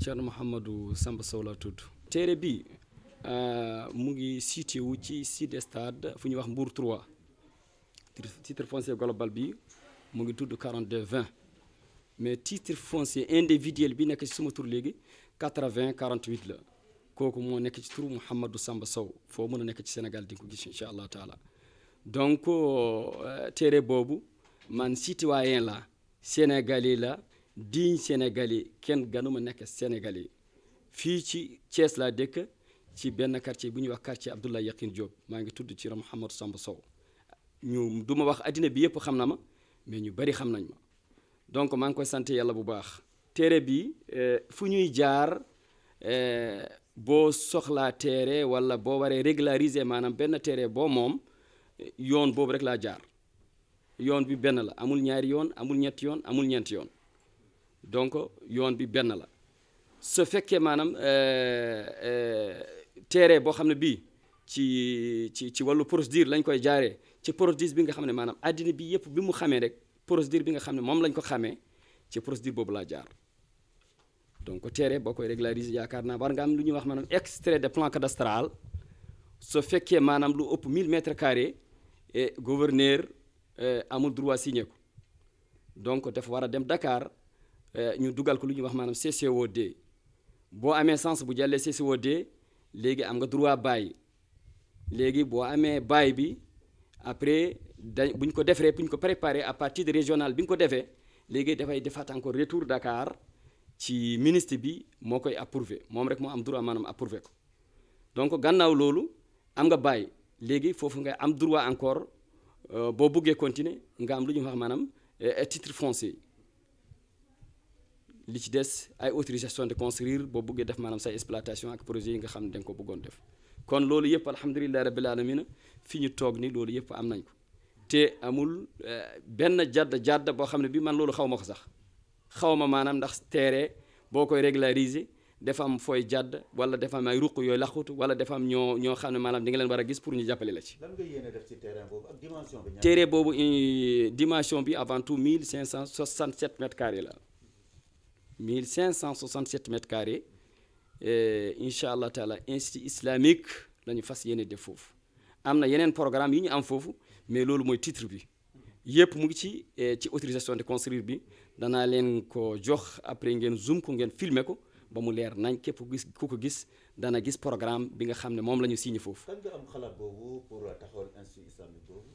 Thierno Mouhamadou Samba Sow la tudd téere bi euh, mu ngi situé wu ci Sud Stade fu ñu wax Mbour 3 titre foncier global bi mu ngi tudd 42 20 mais titre foncier individuel bi nekk ci suma tur léegi 80 48 la kooku moo nekk ci turu Mouhamadou Samba Sow foo mën a nekk ci Sénégal di nga ko gis incha allah taala donc euh, téere boobu man citoyen la sénégalais la digne sénégalais kenn ganuma nekk sénégalais fii ci cees laa dëkk ci benn quartier bu ñuy wax quartier Abdoulaye Yakhine Diop maa ngi tudd ci Mouhamadou Samba Sow ñu du ma wax addina bi yëpp xam na ma mais ñu bari xam nañ ma donc maa ngi koy sant yàlla bu baax. téere bi euh, fu ñuy jaar euh, boo soxlaa téere wala boo waree régulariser maanaam benn téere boo moom yoon boobu rek laa jaar yoon bi benn la amul ñaari yoon amul ñetti yoon amul ñeenti yoon. donc yoon bi benn la su fekkee maanaam euh, euh, terrain boo xam ne bii ci ci ci wàllu procédure lañ koy jaaree ci procédure bi nga xam ne maanaam àddina bi yëpp bi mu xamee rek procédure bi nga xam ne moom lañ ko xamee ci procédure boobu laa jaar donc terrain boo koy régulariser yaakaar naa war nga am lu ñuy wax maanaam extrait de plan cadastral soo fekkee maanaam lu ëpp 1000 mètres carrés gouverneur euh, amul droit signé ko donc dafa war a dem dakaar Euh, ñu dugal ko lu ñuy wax maanaam CCOD boo amee sens bu jàllee CCOD léegi am nga droit bàyyi léegi boo amee baay bi après da bu ñu ko deferee bu ñu ko préparé à partir de régional bi nga ko defee léegi dafay defaat encore retour Dakar ci ministre bi moo koy approuvé moom rek moo am droit maanaam approuvé ko donc gannaaw loolu am nga baay léegi foofu nga am droit encore euh, boo buggee continuer nga am lu ñu wax maanaam euh, titre foncier. li ci des ay autorisation de construire boo bëggee def maanaam say exploitation ak projet yi nga xam ne da nga ko bëggoon def kon loolu yëpp alhamdulilah rabbil alamina fi ñu toog ni loolu yëpp am nañ ko te amul eh, benn jàdd jàdd boo xam ne bi man loolu xaw ma ko sax xaw ma maanaam ndax terrain boo koy régulariser dafa am fooy jàdd wala dafa am ay ruq yooyu laxutu wala dafa am ñoo ñoo xam ne maanaam di nga leen war a gis pour ñu jàppale la ci. lan boobu ak dimension bi. terrain boobu dimension bi avant tout 1567 la. 1567 mètres carrés incha allah taala institut islamique la fas yéene def foofu am na yeneen programme yi ñu am foofu mais loolu mooy titre bi yëpp mu ngi ci ci autorisation de construire bi danaa leen ko jox après ngeen zoom ko ngeen filmer ko ba mu leer nañ képp ku gis ku ko gis dana gis programme bi nga xam ne moom la ñu signé foofu. kañ am xalaat boobu pour taxawal institut islamique boobu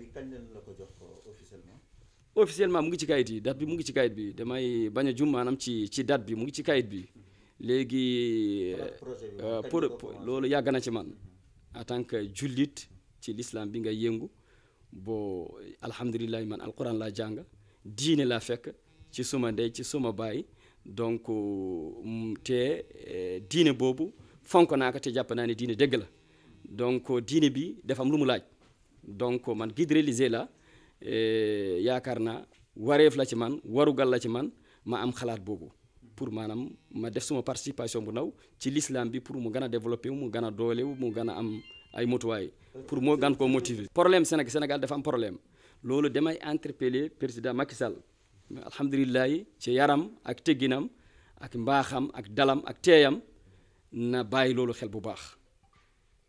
bi kañ leen ko jox officiellement. officiellement mu ngi ci kayit yi date bi mu ngi ci kayit bi damay bañ a jum ci ci date bi mu ngi ci kayit bi léegi euh, pour loolu yàgg na ci man en tant que jullit ci l'islam bi nga yëngu boo alhamdulilah man alquran laa jàng diine laa fekk ci suma ndey ci suma baay donc euh, te euh, diine boobu fonk naa ko te jàpp naa ne diine dégg la donc diine bi dafa lu mu laaj donc man guide la Eh, yaakaar naa wareef la ci man warugal la ci man ma am xalaat boobu pour maanaam ma def suma participation bu ndaw ci l'islam bi pour mu gën a développé mu gën a doole mu gën am ay motuwaay pour moo gan koo motiver. problème Sénégal Sénégal dafa am problème loolu damay interpeller président Macky Sall alhamdulilah ci yaram ak tegginam ak mbaaxam ak dalam ak teeyam na bàyyi loolu xel bu baax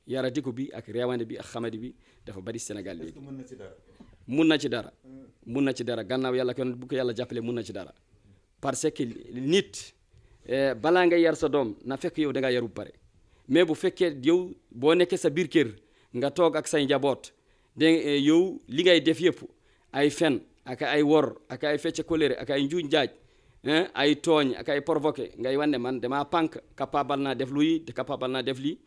yaradiku bi ak réewande bi ak xamadi bi dafa bari Sénégal léegi. mun na ci dara mun na ci dara gannaaw yàlla kon bu ko yàlla jàppale mun na ci dara parce que nit eh, balaa nga yar sa doom na fekk yow da ngaa yaru pare mais bu fekkee yow boo nekkee sa biir kër nga toog ak say njaboot de eh, yow li ngay def yëpp ay fen ak ay wor ak ay fecce colère ak ay njuuñ njaaj ay tooñ ak ay provoqué ngay wane man damaa pànk capable naa def luy bal naa def lii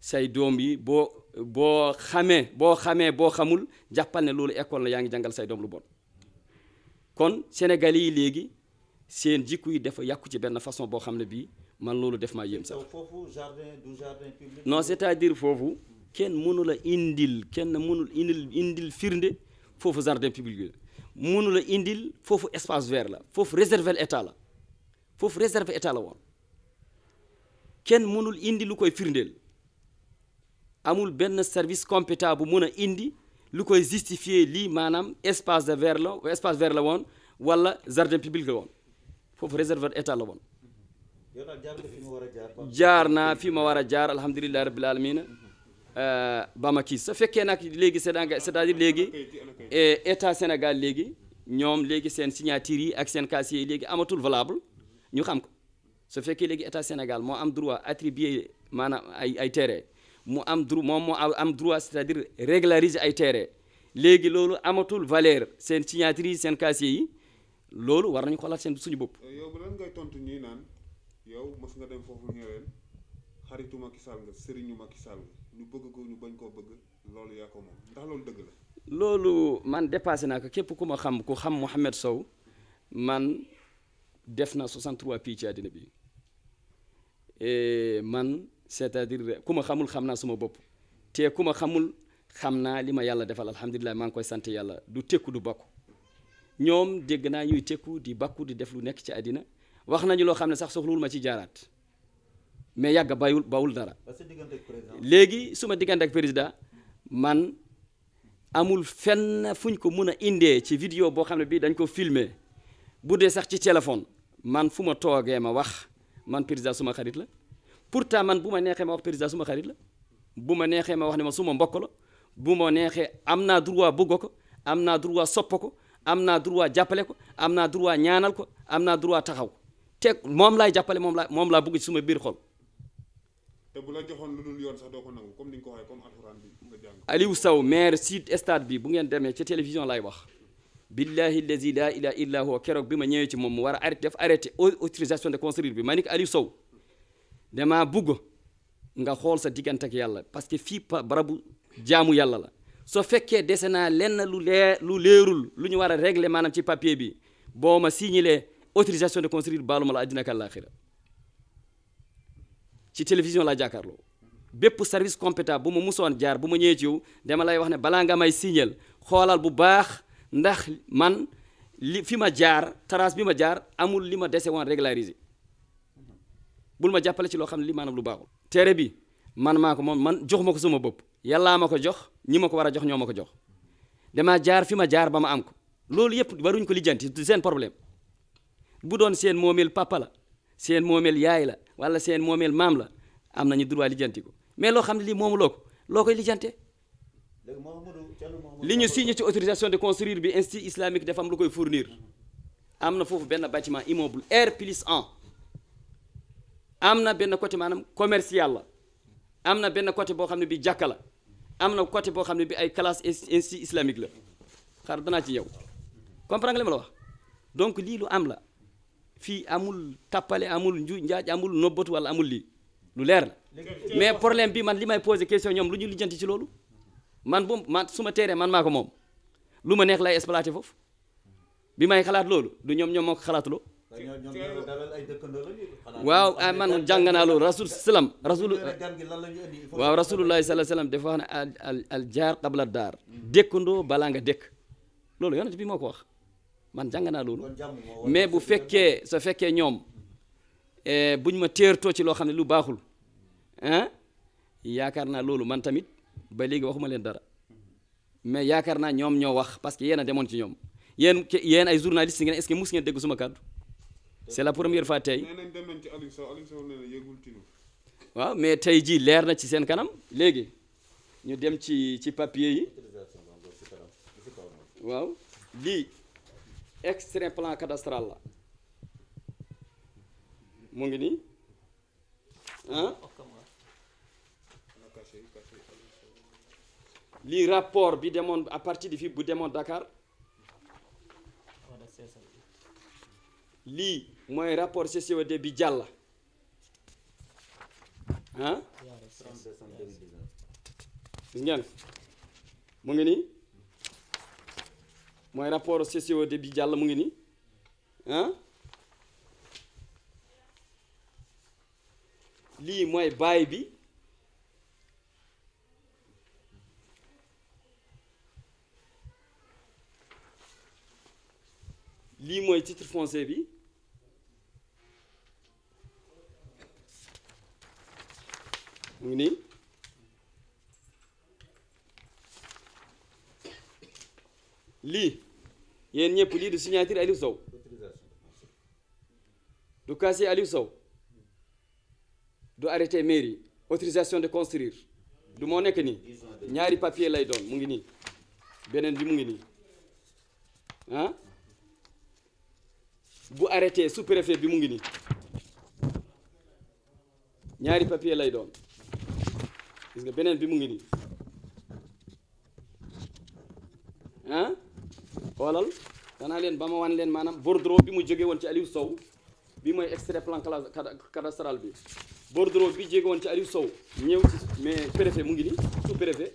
say doom yi boo boo xamee boo xamee boo xamul jàppal ne loolu école la yaa ngi jàngal say doom lu bon kon sénégal yi léegi seen jikku yi dafa yàkku ci benn façon boo xam ne bii man loolu def ma yéem sax. foofu jardin du jardin foofu kenn mënu la indil kenn mënul indil indil firnde foofu jardin public la indil foofu espace vert la foofu réservé état la foofu réservé état la woon kenn mënul indi lu koy firndeel. amul benn service compétent bu mun a indi lu koy justifier lii maanaam espace de vert la espace vert la woon wala jardin public la woon foofu réserve état la woon jaar naa fi ma war a jaar alhamdulilahi rabbil alamina euh, Bamaki sa fekkee nag léegi Sénégal c'est-à-dire léegi eh, état Sénégal léegi ñoom léegi seen signature yi ak seen casier yi léegi amatul valable ñu xam ko su fekkee léegi état Sénégal moo am droit attribuer maanaam ay ay terrain mu am droit moom moo am droit c'est-à-dire régulariser ay terrain léegi loolu amatul valeur seen signature yi seen casier yi loolu war ko xoolaat seen suñu bopp. Euh, yow lan ngay tontu ñuy naan yow mos nga dem foofu ñu leen xaritu Macky Sall nga sëriñu Macky Sall ñu bëgg ko ñu bañ koo bëgg loolu yaa ko moom ndax loolu dëgg la. loolu man dépassé naa ko képp ku ma xam ku xam Mouhamed Sow man def na 63 pays ci àddina bi man. cest a dire ku ma xamul xam naa suma bopp te ku ma xamul xam naa li ma yàlla defal alhamdulilah maa ngi koy sant yàlla du tekku du bakku ñoom dégg naa ñuy tekku di bakku di def lu nekk ci àddina wax nañu loo xam ne sax soxluwul ma ci jaaraat mais yàgg bayul bawul dara léegi su ma diggante ak président man amul fenn fu ñu ko mën a indee ci vidéo boo xam ne bii dañ ko filmer bu dee sax ci téléphone man fu ma toogee ma wax man président suma xarit la pourtant man bu ma neexee ma wax président suma xarit la bu ma neexee ma wax ne ma suma mbokk la bu ma neexee am naa droit bëgg ko am naa droit sopp ko am naa droit jàppale ko am naa droit ñaanal ko am naa droit taxaw te moom laay jàppale moom laa moom laa bëgg suma biir xol. te bu la joxoon lu dul yoon comme ni nga waxee comme alxuraan bi nga jàng. Aliou Sow bi bu ngeen demee ci télévision laay wax. billahi allazi la huwa keroog bi ma ñëwee ci moom mu war a arrêté def arrêté autorisation de construire bi ma ni ko Aliou Sow. dama bugg nga xool sa diggante ak yàlla parce que fii barabu jaamu yàlla la soo fekkee dese naa lenn lu leer lu leerul lu ñu war a régler maanaam ci papier bi boo ma signalee autorisation de construire baaluma la àddina ak àllaaxira ci télévision laa jàkkaarloo bépp service compétent bu ma musoon jaar bu ma ñëwee ci yow lay wax ne balaa nga may signal xoolaal bu baax ndax man li fi ma jaar trace bi ma jaar amul li ma dese woon régulariser bul ma jàppale si loo xam ne li maanaam lu baaxul téere bi man maa ko moom man jox ma ko sama bopp yàllaa ma ko jox ñi ma ko war a jox ñoo ma ko jox damaa jaar fi ma jaar ba ma am ko loolu yëpp waruñ ko lijjanti seen problème bu doon seen moomeel papa la seen moomeel yaay la wala seen moomeel maam la am nañu droit lijjanti ko mais loo xam ne lii moomuloo ko loo koy lijjante li ñu signé ci autorisation de construire bi institut islamique dafa am lu koy fournir am na foofu benn bâtiment immeuble R plus 1 am na benn côté maanaam commercial la am na benn côté boo xam ne bi jàkka la am na côté boo xam ne bi ay classe institut islamique la xar danaa ci ñëw comprendre nga ma la wax donc lii lu am la fii amul tappale amul nju njaaj amul nobbatu wala amul lii lu leer la mais problème bi man li may posé question ñoom lu ñu lijjanti ci loolu man bu man suma ma teeree man maako moom lu ma neex lay exploité foofu bi may xalaat loolu du ñoom ñoom moo ko xalaatuloo waaw ah man jàng naa loolu rasul salaam rasul waaw rasulullahi salaa salaam dafa wax ne al al jaar qabla daar dëkkandoo balaa nga dëkk loolu yonent bi moo ko wax man jàng loolu mais bu fekkee sa fekkee ñoom eh, buñ ma teertoo ci loo xam ne lu baaxul ah yaakaar naa loolu man tamit ba léegi waxuma leen dara mais yaakaar naa ñoom ñoo wax parce que yéen a demoon ci ñoom yéen yéen ay journaliste ngeen est-ce que mus ngeen dégg suma kàddu c'est la première fois tey. waaw mais tey jii leer na ci seen kanam léegi ñu dem ci ci papier yi waaw lii extrait plan cadastral la mu ngi nii lii rapport bi demoon à partir de fii bu demoon Dakar lii mooy rapport CCOD bi jàll ah ngeen mu ngi nii mooy rapport CCOD bi jàll mu ngi nii ah lii mooy baay bi lii mooy titre foncier bi mu ngi nii lii yéen ñëpp lii du signature Aliou Sow du casier Aliou Sow du arrêté mairie autorisation de construire du moo nekk nii ñaari papier lay doon mu ngi nii beneen bi mu ngi nii ah bu arrêté sous-préfet bi mu ngi nii ñaari papier lay doon gis nga beneen bi mu ngi nii ah xoolal danaa leen ba ma wan leen maanaam bordereau bi mu jógee woon ci Aliou Sow bi mooy extrait plan cadastral bi bordereau bi jóge woon ci Aliou Sow ñëw ci mais préfet mu ngi nii sous préfet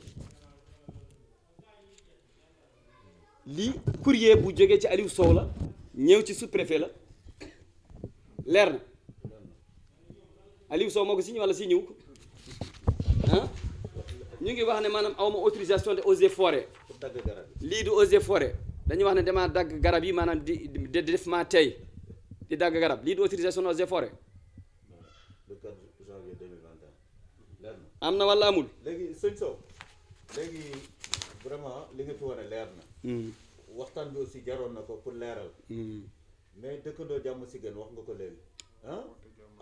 lii courrier bu jógee ci Aliou Sow la ñëw ci sous préfet la leer na Aliou moo ko si wala signé wu ko ñu ngi wax ne maanaam awma autorisation de eaux et forêt lii du eaux et forêt dañuy wax ne damaa dagg garab yi maanaam di di def maa tey di dagg garab lii du autorisation eaux et forêt am na walla amul léegi sëñ Sow léegi li nga fi a leer hmm. waxtaan bi aussi jaroon na ko pour leeral hmm. mais dëkkandoo jàmm si gën wax nga ko léegi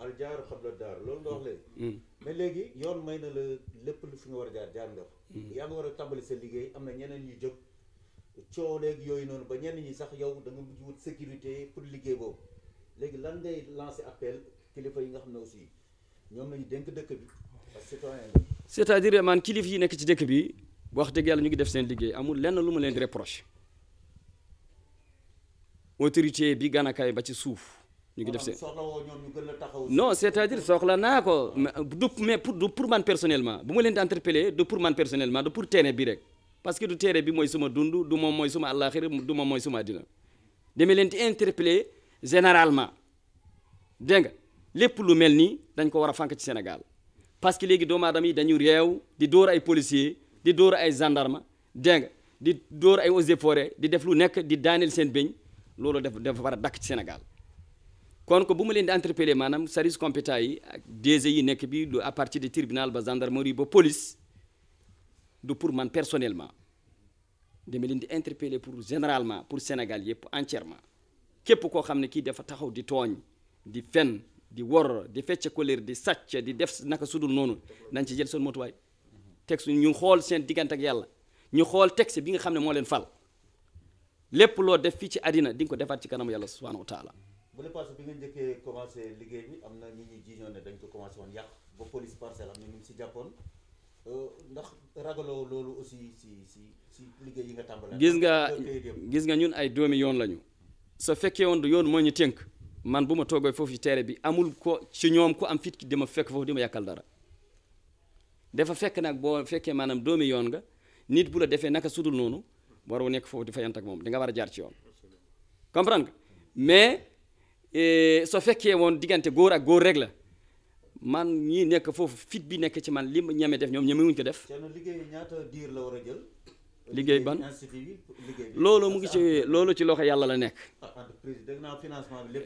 al jaaru xabla daaru loolu nga wax léegi. Mm. Mm. mais léegi yoon may na la lépp lu fi nga war a jaar jaar nga fa. Mm. yaa nga war a tàmbali sa liggéey am na ñeneen yi jóg coow léegi yooyu noonu ba ñenn ñi sax yow da nga wut sécurité pour liggéey boobu léegi lan ngay lancer appel kilifa yi nga xam ne aussi ñoom lañu dénk dëkk bi parce que citoyen la. c'est-à-dire kilifa yi nekk ci dëkk bi wax dëgg yàlla ñu ngi def seen liggéey amul lenn lu ma leen di reproche autorité bi ganakaay ba ci suuf. ñu ngi def seen non c'est-à-dire soxla naa ko du mais pour du pour man personnellement bu ma leen di interpeller du pour man personnellement du pour terrain bi rek parce que du terrain bi mooy suma dund du moom mooy suma àllaaxira du moom mooy suma àddina demee leen di interpeller généralement dégg nga lépp lu mel nii dañ ko war a fànk ci Sénégal parce que léegi doomu aadama yi dañu réew di door ay policier di door ay gendarme dégg di dóor ay eaux et di def lu nekk di daaneel seen beñ loolu def dafa war ci Sénégal kon ko bu ma leen di interpeller maanaam service compétent yi ak yi nekk bi du à de tribunal ba gendarmerie ba police du pour man personnellement dama leen di interpeller pour généralement pour Sénégal yëpp entièrement képp koo xam ne kii dafa taxaw di tooñ di fen di wor di fecc colère di sàcc di def naka sudul noonu nañ ci jël seen motuwaay texte ñu xool seen diggante ak yàlla ñu xool texte bi nga xam ne moo leen fal lépp loo def fii ci àddina di ko defaat ci kanam yàlla subhanahu wa bu la passé bi nga njëkkee commencé liggéey bi am na nit ñi euh, ndax ragaloo loolu aussi si si si liggéey yi gis nga gis nga ñun ay doomi yoon lañu. sa fekkee woon yoon moo ñu tënk man bu ma toogee foofu ci teere bi amul ko ci ñoom ku am fit ki dama fekk foofu di ma yàkkal dara dafa fekk nag boo fekkee maanaam doomi yoon nga nit bu la defee naka sudul noonu waroo nekk foofu di fayant ak moom di nga war a jaar ci yoon comprendre nga mais. Eh, so fekkee woon diggante góor ak góor rek la man ñii nekk foofu fit bi nekk ci man li ma ñeme def ñoom ñemewuñ ko def. liggéey ñaata diir la war a liggéey ban loolu mu ngi ci loolu ci loxo yàlla la nekk.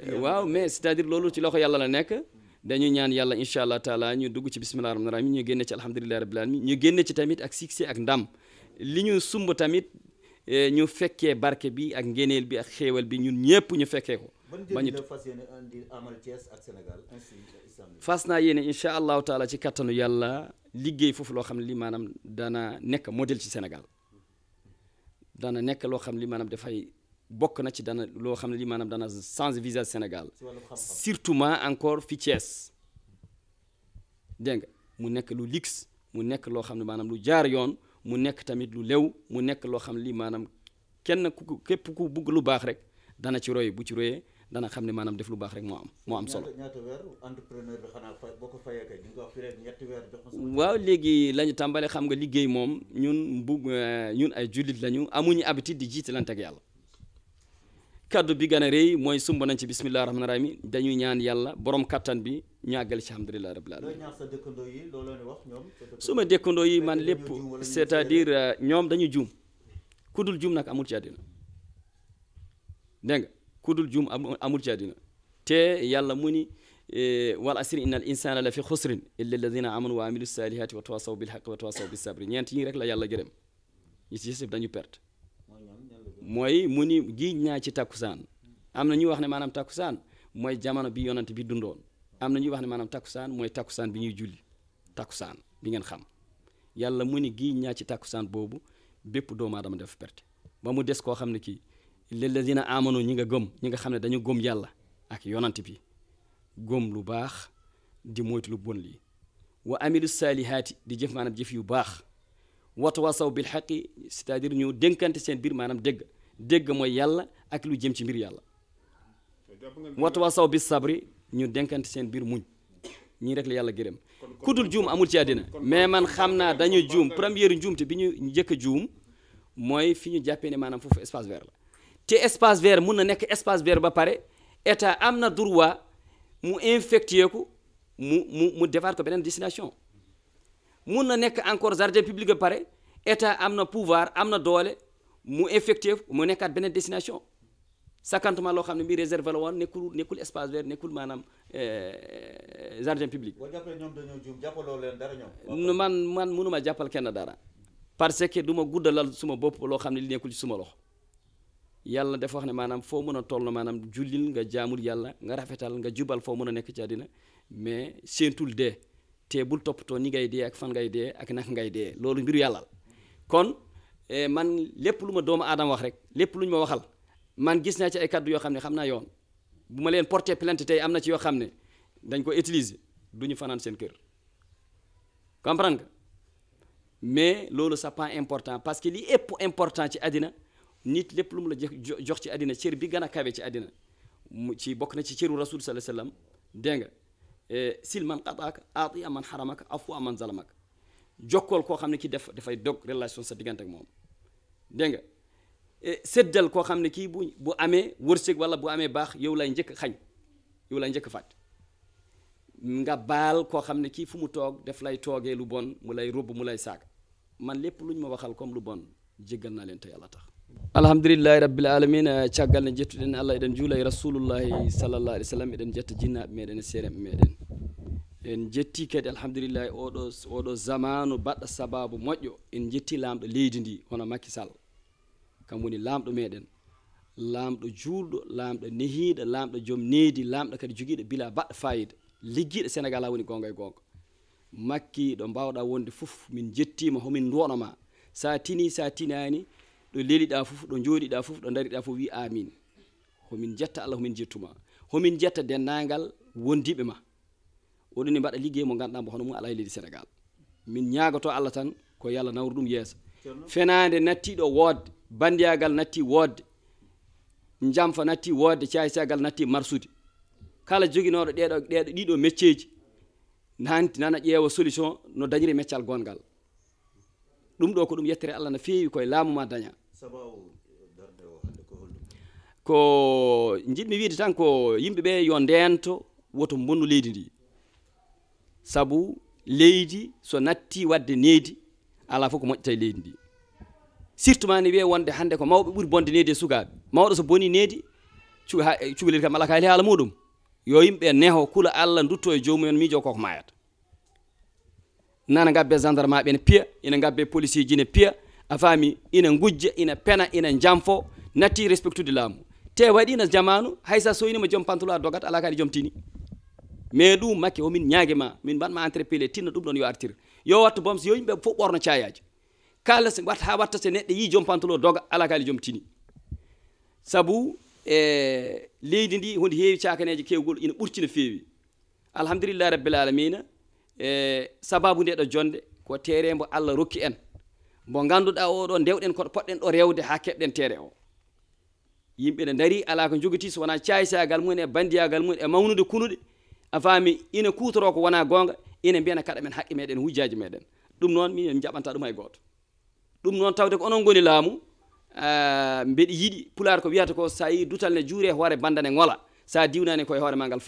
Eh, waaw mais c'est-à-dire loolu ci loxo yàlla la nekk. dañuy ñaan yàlla incha allah taala ñu dugg ci bisimilah rahmaani rahiim ñu génne ci alhamdulilah rabbil alamin ñu génne ci tamit ak succès ak ndam li ñu sumb tamit eh, ñu fekkee barke bi ak ngeneel bi ak xéewal bi ñun ñëpp ñu fekkee ko. bañu fas naa yéene incha allahu taala ci kattanu yàlla liggéey foofu loo xam ne li maanaam dana nekk modèle ci Sénégal dana nekk loo xam ne li maanaam dafay bokk na ci dana loo xam ne li maanaam dana change visage Sénégal surtout ma encore fi Thiès dégg nga mu nekk lu luxe mu nekk loo xam ne maanaam lu jaar yoon mu nekk tamit lu lew mu nekk loo xam ne li maanaam kenn ku képp ku bugg lu baax rek dana ci roy bu ci royee dana xam ne maanaam def lu baax rek moo am moo am solo waaw léegi lañu tàmbali xam nga liggéey moom ñun bugg eh, ñun ay jullit lañu amuñu habitude di jiitalante ak yàlla kaddu bi gën a mooy sumb nañ ci bisimilah rahmaani rahim dañuy ñaan yàlla borom kattan bi ñu àggal ci alhamdulilah rabbil alamin su ma dëkkandoo yi man lépp c'est-à-dire eh, ñoom dañu juum ku dul juum nag amul ci àddina dégg kudul juum amul ci àddina te yàlla mu ni e, wal asri inna al la fi xusrin illa alladina amanu wa amilu salihati wa tawasaw bil haqi wa tawasaw bis sabri ñeent yi rek la yàlla gërëm ñi ci yëpp dañu perte mooy mu ni giiñ naa ci takkusaan am na ñu wax ne maanaam takkusaan mooy jamono bi yonent bi dundoon am na ñuy wax ne maanaam takkusaan mooy takkusaan bi ñuy julli takkusaan bi ngeen xam yàlla mu ni giiñ naa ci takkusaan boobu bépp doomu aadama def perte ba mu des koo xam ne kii lilladina amanu ñi nga gëm ñi nga xam ne dañu gëm yàlla ak yonant bi gëm lu baax di moytu lu bon lii wa amilu saalihaati di jëf maanaam jëf yu baax watawasaw bil xaqi c'est-à-dire ñu dénkante seen biir maanaam dégg dégg mooy yàlla ak lu jëm ci mbir yàlla watawasaw bi sabri ñu dénkante seen biir muñ ñii rek la yàlla gërëm kudul juum amul ci àddina mais man xam naa dañu juum première njuumte bi ñu njëkk a juum mooy fi ñu jàppee ni maanaam foofu espace vert la te espace vert mun na nekk espace vert ba pare état am na droit mu infecté ko mu mu mu defaat ko beneen destination mun na nekk encore jardin public ba pare état am na pouvoir am na doole mu infecté mu nekkaat beneen destination sakantement loo xam ne bii réserve la woon nekkul nekkul espace nekkul maanaam euh, jardin public. boo jàppee ñoom dañoo juum jàppaloo leen dara ñoom. man man mënuma jàppal kenn dara parce que du ma guddalal suma bopp loo xam ne li nekkul ci suma loxo. yàlla dafa wax ne maanaam foo mën a toll maanaam jullil nga jaamul yàlla nga rafetal nga jubal foo mën a nekk ci àddina mais séentul dee te bul toppatoo ni ngay dee ak fan ngay dee ak nak ngay dee loolu mbiru yàlla la kon e, man lépp lu ma doomu aadama wax rek lépp lu ñu ma waxal man gis naa ci ay kaddu yoo xam ne xam naa yoon bu ma leen porté plainte tey am na ci yoo xam ne dañ ko utiliser du ñu fanaan seen kër comprendre nga mais loolu c'est pas important parce que li ëpp important ci àddina nit lépp lu mu la jox ci àddina cër bi gën kawe ci àddina mu ci bokk na ci cëru rasul sallallahu alayhi wasallam dégg nga eh, sil man qataaka aati aman xaramaka afu aman zalamak jokkool koo xam ne kii daf dafay dog relation sa diggante ak moom dégg nga eh, séddal koo xam ne kii bu bu amee wërsëg wala bu amee baax yow lay njëkk xañ yow lay njëkk fàtt nga baal koo xam ne kii fu mu toog daf lay toogee lu bon mu lay rubb mu lay saag man lépp lu ñu ma waxal comme lu bon jéggal naa leen yàlla tax alhamdulillahi rabbil alamin eh, caggal ne jettuɗen allah eɗen juula e rasulullahi sallallah eɗen jetta jinnaɓe e meɗen en jetti kadi alhamdulillahi oɗo zamanu baɗɗo sababu moƴƴo en jetti lamɗo leydi ndi hono makisal kam woni lamɗo meɗen lamɗo juulɗo lamɗo nehiɗo lamɗo joom needi lamɗo kadi jogiiɗo bila baɗɗo fayida liggiiɗo sénégal ha woni gonga e gonga makki ɗo mbawɗa wonde fof min jettima homin duwonoma sa tini sa tinani ɗo leliɗa fof ɗo jooɗiɗa fof ɗo dariɗa fof wi amin homin jetta allah homin jettuma homin jetta dennagal wondiɓe ma oɗon mbaɗa ligguey mo ganduɗa mo hono mum ala e leydi min ñaagoto allah tan ko yo nawru ɗum yeesa fenade nattiɗo woodde bandiyagal natti woodde jamfa natti woodde caysagal natti marsude kala joginoɗo ɗeɗo ɗiɗo mecceji nanti nana ƴeewa solution no dañiri meccal gongal ɗum ɗo ko ɗum yettere allah no feewi koye laamu ma daña Euh, ko jiɗmi wiide tan ko yimɓe ɓe yo ndento woto bonnu leydi ndi sabu leydi so natti wadde needi ala ko moƴƴata e leydi ndi surtout ma ne wiye wonde hannde ko mawɓe ɓuri bonde needi e sukaaɓe mawɗo so boni needi cukalel eh, kam ala kaali haala muɗum yo yimɓe neho kula allah dutto e joomumen miijo koko mayata nana gabbe gendarme ɓe ne piya ina gabbe policier ji ne piya afami ina gujja ina pena ina jamfo natti respectude laamu te waɗino jamanu haysa soynima joom pantalon a dogat ala kadi joom tini mais ɗum makke homin ñaague ma min mbaɗma entrepellé tinno ɗum ɗon yo artir yo wattu boom so yo yimɓe fof ɓorno cayaji kala wat ha watta so neɗɗo yi joom pantalon doga ala kadi tini saabu e, leydi ndi hunde heewi cakaneji ina ɓurti no feewi alhamdulillah rabbil alamina e, sababu ndeɗo jonde ko terembo allah rokki en bo ngannduɗaa oɗo ndewɗen koɗo poɗɗen ɗo rewde haa keɓɗen teere o yimɓe ne ndari alaa ko so wonaa caysagal mumen e banndiyagal mumen e mawnude kunude a faami ina kuutoroo ko wonaa goonga ina mbiyana kaɗa men haqqe meɗen hujjaaji meɗen ɗum noon min en jaɓanta ɗum hay e gooto ɗum noon tawde ko onon ngoni laamu mbeɗi yiɗi pulaar ko wiyata ko so dutal ne juure hoore bandane ngola so diwnani koye hoore ma ngal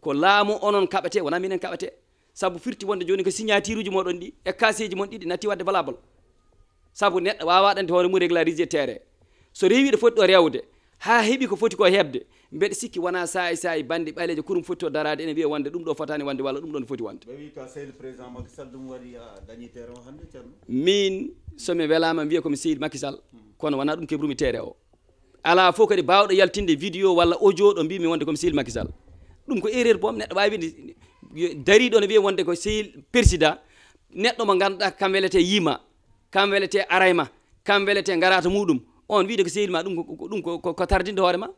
ko laamu onon kaɓete sabu neɗɗo wawa ɗande hoore mum régularisé terrain so rewi ɗo ɗo rewde ha heeɓi ko foti ko heɓde mbeɗa sikki wona sayi sayi bande ɓaleje kurum foti to darade ene wiya wonde ɗum ɗo fotani wonde walla ɗum ɗon foti wonde ah, min somi welama wiya komi seydi makisal kono wona ɗum kebrumi terrain o ala fof kadi bawɗo yaltinde vidéo walla audio ɗo mbimi ɗum dariɗo ne wiya wonde ko seyil président neɗɗo mo ganduɗa kam welete yima kam welete arayma kam welete garata muɗum on wiide ko sehil ma ɗum ɗum ko tardinde hoore ma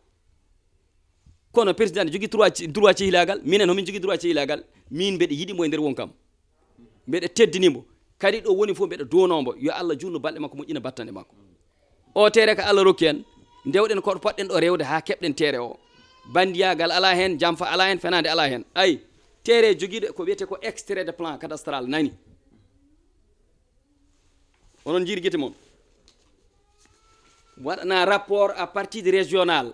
kono président ne jogui droit droit cehilagal minen homin jogui droit cehilagal min mbeɗa yiɗimo e nder won kam mbeɗa teddinimo kadi ɗo woni fof mbeɗa donombo yo allah junno balɗe makko moƴƴina battande makko o tere ko allah rokki hen ndewɗen koɗo poɗɗen ɗo rewde ha keɓɗen tere o bandiyagal ala hen jamfa ala hen fenade ala hen ayi tere joguiɗo ko wiyete ko extrait de plan cadastral nani onon jirguiti moon waɗana rapport à parti de régional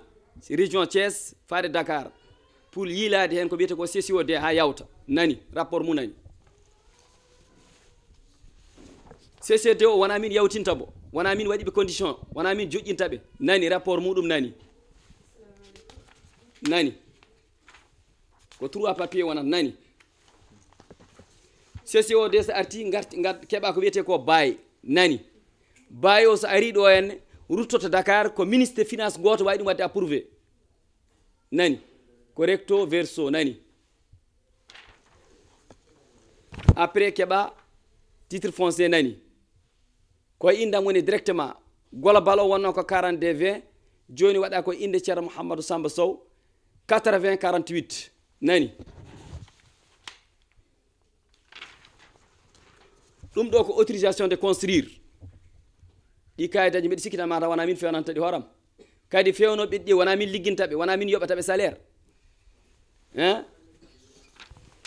région thies faade dakar pour yiilade hen ko wiyete ko cciod ha yawta nani rapport mu nani ccd o wona min yawtinta bo wona min waɗiɓe condition wona min joƴƴinta ɓe nani rapport muɗum nani nani ko trois papier wonat nani ccod so arti keɓa ko wiyete ko baaye nani bawi o so ari ruttoto dakar ko ministre finance goto wawi ɗum wadde approuvé nani ko recto verso nani après keɓa titre foncier nani koye indam woni directement global o wonno ko 42 20 joni waɗa koye inde ceerno mouhamadou samba sow 80 48 nani ɗum ɗo ko autorisation de construire ɗi kayidaji mbiɗa sikkita mata wona min fewnanta ɗi hooram kadi fewno ɓiɗɗi wona min liggintaɓe wona min yoɓataɓe salaire hein eh?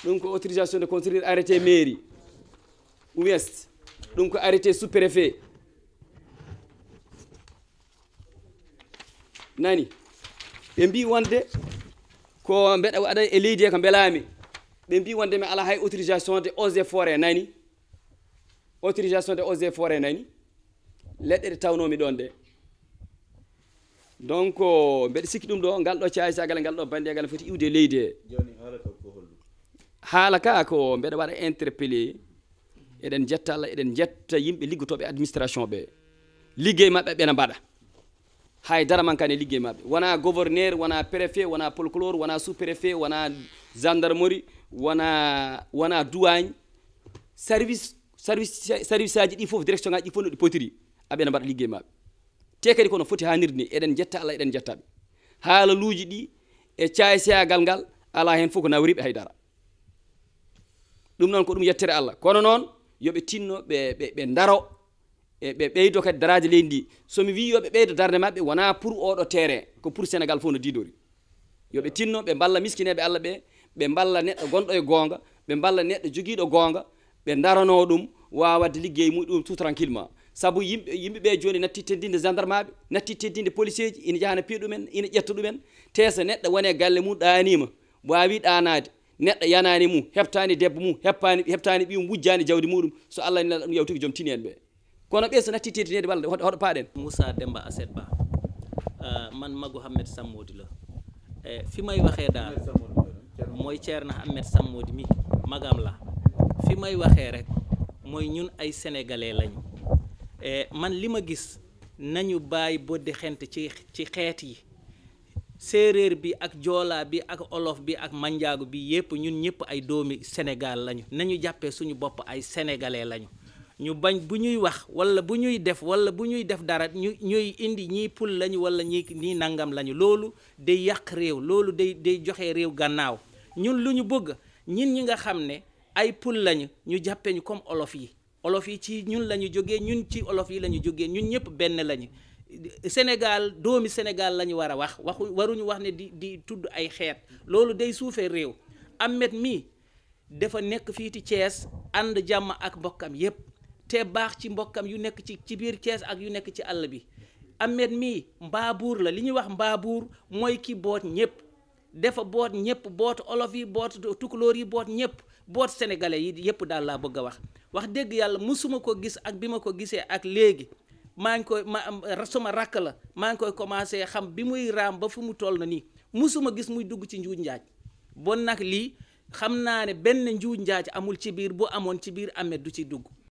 ɗum ko autorisation de construire arrêté mairie ouest ɗum ko arrêté sous nani ɓe mbi wonde ko mbeɗa waɗa e leydi e ko mbelami ɓe mbi wonde mi ala hay autorisation de eaux et nani autorisation de eaux et forêt nani leɗɗe ɗe tawnomi ɗon ɗe donc euh, mbeɗa sikki ɗum ɗo ngal ɗo caysagal ngal ɗo bandiyagal foti iwde leydi haala ka ko mbeɗa waɗa interpellé eɗen jetta yimɓe liggotoɓe administration ɓe liggey maɓɓe ɓena mbaɗa haydara man kane liggey maɓɓe wona gouverneur wona préfet wona polclore wona sous préfet wona gendarmerie wona wona douagne service service aji ɗi fof direction ngaji ɗi fof no ɗi potiri aɓena mbaɗa liggey maɓe te kadi kono foti hanirde ni eɗen jetta allah eɗen jettaɓe haalaluji ɗi e caysayagal ngal ala hen fof ko nawriɓe haydara ɗum noon ko ɗum yettere allah kono noon yoɓe tinno ɓe ɓe ɓe e ɓeydo kadi daraje leydi ndi somi wi yoɓe ɓeydo darde maɓɓe wona pour oɗo terrain ko pour sénégal fof no didori yoɓe tinno ɓe mballa miskineɓe allah ɓe ɓe mballa neɗɗo gonɗo e gonga ɓe darano ɗum wawade liggey mum ɗum tout yimɓe ɓe joni natti teddinde gendarmeɓe natti teddinde policier ji ina jahana piiɗumen ina ƴetta ɗumen teesa neɗɗo wone galle mum ɗanima wawi ɗanade neɗɗo yanani mum heɓtani debbo mum heppani heɓtani ɓiyum jawdi muɗum so allah ne ɗum yawtuki ɓe kono ɓe so natti teddinede walla hoɗo paaɗen e fimay waxe dal moy ceerno hammed sammodi eh, mi magam fi may waxee rek mooy ñun ay sénégalais lañu eh, man li ma gis nañu bàyyi boddi xent ci ci xeet yi séeréer bi ak joolaa bi ak olof bi ak manjaagu bi yépp ñun ñëpp ay doomi Sénégal lañu nañu jàppee suñu bopp ay sénégalais lañu ñu bañ bu ñuy wax wala bu ñuy def wala bu ñuy def dara ñu ñuy indi ñii pul lañu wala ñii nii nangam lañu loolu day yàq réew loolu day day joxe réew gannaaw ñun lu ñu bëgg ñin ñi nga xam ne ay pul lañu ñu jàppee ñu comme olof yi olof yi ci ñun la ñu jógee ñun ci olof yi la ñu jógee ñun ñëpp benn lañu Sénégal doomi Sénégal lañu ñu war a wax waxu waruñu wax ne di di tudd ay xeet loolu day suufee réew Ahmed mi dafa nekk fii ci Thiès ànd jàmm ak mbokkam yépp te baax ci mbokkam yu nekk ci ci biir Thiès ak yu nekk ci àll bi Ahmed mii mbaabuur la li ñuy wax mbaabuur mooy ki boot ñëpp defa boot ñëpp boot olof yi boot tukulóor yi boot ñëpp boot sénégalais yi yëpp daal laa bëgg a wax wax dëgg yàlla mosuma ko gis ak bi ma ko gisee ak léegi maa ngi koy ma sama rakk la maa ngi koy commencé xam bi muy raam ba fu mu toll na nii mosuma gis muy dugg ci njuuj njaaj bon nag lii xam naa ne benn njuuj njaaj amul ci biir bu amoon ci biir Ameth du ci dugg